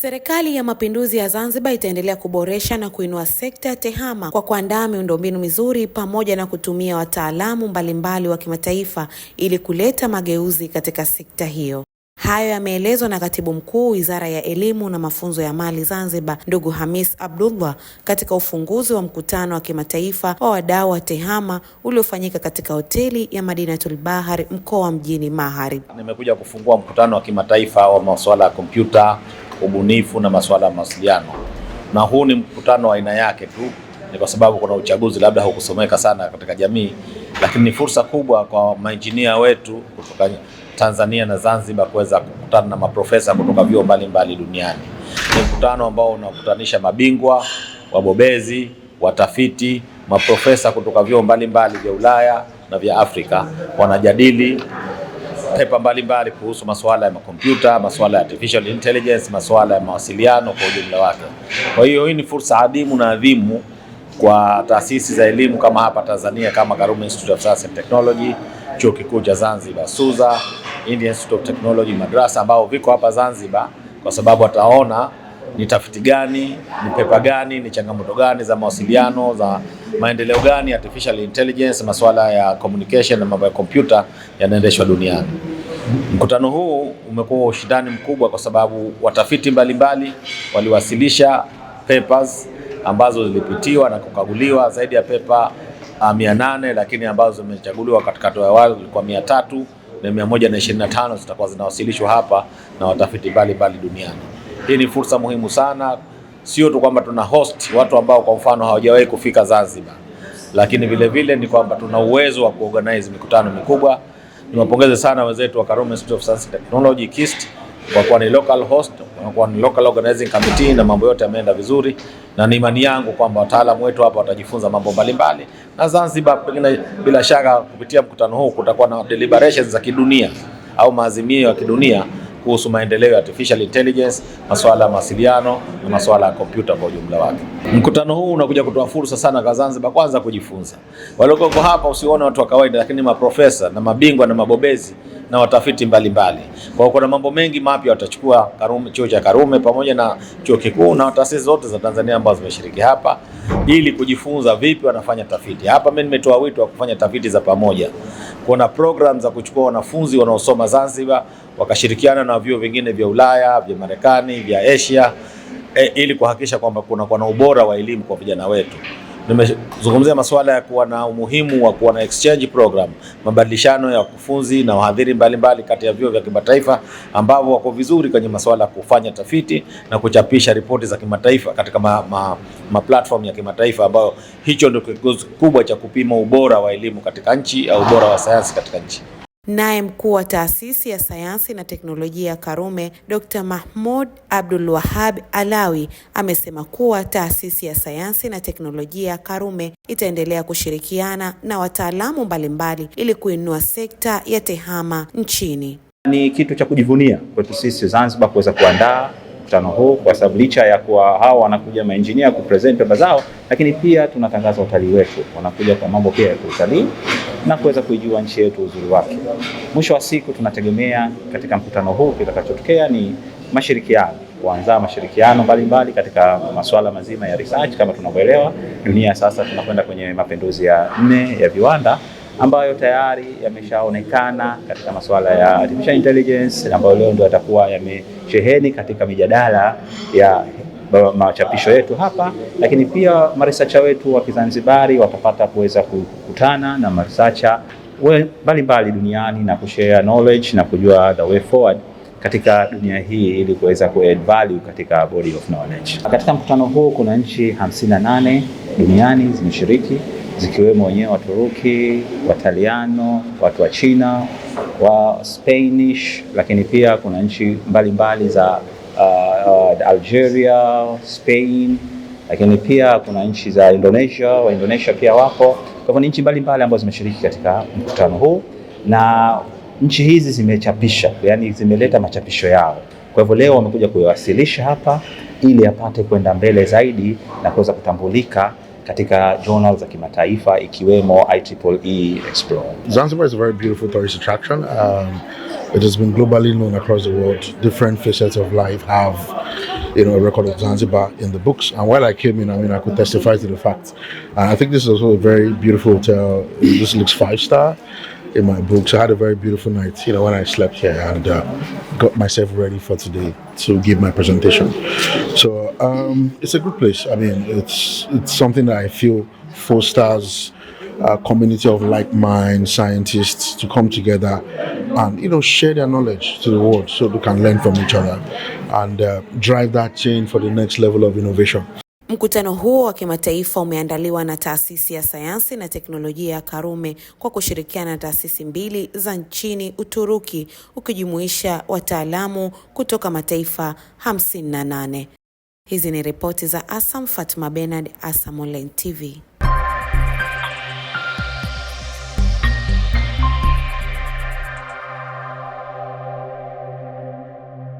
Serikali ya Mapinduzi ya Zanzibar itaendelea kuboresha na kuinua sekta ya TEHAMA kwa kuandaa miundombinu mizuri pamoja na kutumia wataalamu mbalimbali wa kimataifa ili kuleta mageuzi katika sekta hiyo. Hayo yameelezwa na Katibu Mkuu Wizara ya Elimu na Mafunzo ya Mali Zanzibar, ndugu Hamis Abdullah katika ufunguzi wa mkutano wa kimataifa wa wadau wa TEHAMA uliofanyika katika hoteli ya Madinatul Bahari mkoa mjini Mahari. Nimekuja kufungua mkutano wa kimataifa wa masuala ya kompyuta ubunifu na masuala ya mawasiliano, na huu ni mkutano wa aina yake tu. Ni kwa sababu kuna uchaguzi labda hukusomeka sana katika jamii, lakini ni fursa kubwa kwa mainjinia wetu kutoka Tanzania na Zanzibar kuweza kukutana na maprofesa kutoka vyuo mbalimbali duniani. Ni mkutano ambao unakutanisha mabingwa, wabobezi, watafiti, maprofesa kutoka vyuo mbalimbali vya Ulaya na vya Afrika wanajadili pepa mbalimbali kuhusu masuala ya makompyuta, masuala ya artificial intelligence, masuala ya mawasiliano kwa ujumla wake. Kwa hiyo hii ni fursa adimu na adhimu kwa taasisi za elimu kama hapa Tanzania kama Karume Institute of Science and Technology, Chuo Kikuu cha Zanzibar SUZA, Indian Institute of Technology Madrasa ambao viko hapa Zanzibar kwa sababu wataona ni tafiti gani, ni pepa gani, ni changamoto gani za mawasiliano, za maendeleo gani, artificial intelligence, masuala ya communication na mambo ya kompyuta yanaendeshwa duniani. Mkutano huu umekuwa ushindani mkubwa kwa sababu watafiti mbalimbali waliwasilisha papers ambazo zilipitiwa na kukaguliwa zaidi ya pepa ah, mia nane lakini ambazo zimechaguliwa katika hatua ya awali kwa mia tatu na mia moja na ishirini na tano zitakuwa zinawasilishwa hapa na watafiti mbalimbali duniani. Hii ni fursa muhimu sana, sio tu kwamba tuna host watu ambao kwa mfano hawajawahi kufika Zanzibar, lakini vile vile ni kwamba tuna uwezo wa kuorganize mikutano mikubwa. Niwapongeze sana wenzetu wa Karume Institute of Science and Technology KIST kwa kuwa ni local host, kwa kuwa ni local organizing committee na mambo yote yameenda vizuri, na ni imani yangu kwamba wataalamu wetu hapa watajifunza mambo mbalimbali, na Zanzibar pengine, bila shaka, kupitia mkutano huu kutakuwa na deliberations za kidunia au maazimio ya kidunia kuhusu maendeleo ya artificial intelligence, masuala ya mawasiliano na masuala ya kompyuta kwa ujumla wake. Mkutano huu unakuja kutoa fursa sana kwa Zanzibar kwanza kujifunza. Walioko hapa usione watu wa kawaida, lakini maprofesa na mabingwa na mabobezi na watafiti mbalimbali. Kwa hiyo kuna mambo mengi mapya watachukua Karume, chuo cha Karume pamoja na chuo kikuu na taasisi zote za Tanzania ambazo zimeshiriki hapa ili kujifunza vipi wanafanya tafiti. Hapa mimi nimetoa wito wa kufanya tafiti za pamoja. Kuna program za kuchukua wanafunzi wanaosoma Zanzibar wakashirikiana na vyuo vingine vya Ulaya, vya Marekani, vya Asia e, ili kuhakikisha kwamba kunakuwa na ubora wa elimu kwa vijana wetu. Nimezungumzia masuala ya kuwa na umuhimu wa kuwa na exchange program, mabadilishano ya wakufunzi na wahadhiri mbalimbali kati ya vyuo vya kimataifa ambavyo wako vizuri kwenye masuala ya kufanya tafiti na kuchapisha ripoti za kimataifa katika ma, ma, ma platform ya kimataifa, ambayo hicho ndio kikubwa cha kupima ubora wa elimu katika nchi au ubora wa sayansi katika nchi. Naye mkuu wa taasisi ya sayansi na teknolojia ya Karume Dr. Mahmoud Abdul Wahab Alawi amesema kuwa taasisi ya sayansi na teknolojia ya Karume itaendelea kushirikiana na wataalamu mbalimbali ili kuinua sekta ya tehama nchini. Ni kitu cha kujivunia kwetu sisi Zanzibar kuweza kuandaa mkutano huu kwa sababu licha ya kuwa hao wanakuja maengineer kupresent hoba zao, lakini pia tunatangaza utalii wetu, wanakuja kwa mambo pia ya kiutalii na kuweza kuijua nchi yetu uzuri wake. Mwisho wa siku, tunategemea katika mkutano huu kitakachotokea ni mashirikiano, kuanza mashirikiano mbalimbali katika masuala mazima ya research. Kama tunavyoelewa, dunia sasa tunakwenda kwenye mapinduzi ya nne ya viwanda ambayo tayari yameshaonekana katika masuala ya artificial intelligence ambayo leo ndio yatakuwa yamesheheni katika mijadala ya machapisho yetu hapa, lakini pia marisacha wetu wa Kizanzibari watapata kuweza kukutana na marisacha mbalimbali duniani na kushare knowledge na kujua the way forward katika dunia hii ili kuweza ku-add value katika body of knowledge. Katika mkutano huu kuna nchi 58 duniani zimeshiriki zikiwemo wenyewe Waturuki, Wataliano, watu wa China, wa Spanish, lakini pia kuna nchi mbalimbali za uh, uh, Algeria, Spain, lakini pia kuna nchi za Indonesia, wa Indonesia pia wapo. Kwa hivyo ni nchi mbalimbali ambazo zimeshiriki katika mkutano huu na nchi hizi zimechapisha, yani zimeleta machapisho yao. Kwa hivyo leo wamekuja kuyawasilisha hapa ili apate kwenda mbele zaidi na kuweza kutambulika katika journal za kimataifa ikiwemo IEEE Explore. Zanzibar is a very beautiful tourist attraction. Um, it has been globally known across the world. Different facets of life have you know, a record of Zanzibar in the books. And while I came in, I mean, I could testify to the fact. And uh, I think this is also a very beautiful hotel. This looks five star in my books. I had a very beautiful night, you know, when I slept here and uh, got myself ready for today to give my presentation. So Um, it's a good place. I mean, it's it's something that I feel fosters a uh, community of like mind scientists to come together and you know share their knowledge to the world so they can learn from each other and uh, drive that chain for the next level of innovation. Mkutano huo wa kimataifa umeandaliwa na taasisi ya sayansi na teknolojia ya Karume kwa kushirikiana na taasisi mbili za nchini Uturuki ukijumuisha wataalamu kutoka mataifa 58. Hizi ni ripoti za ASAM. fatma Bernard, ASAM Online TV.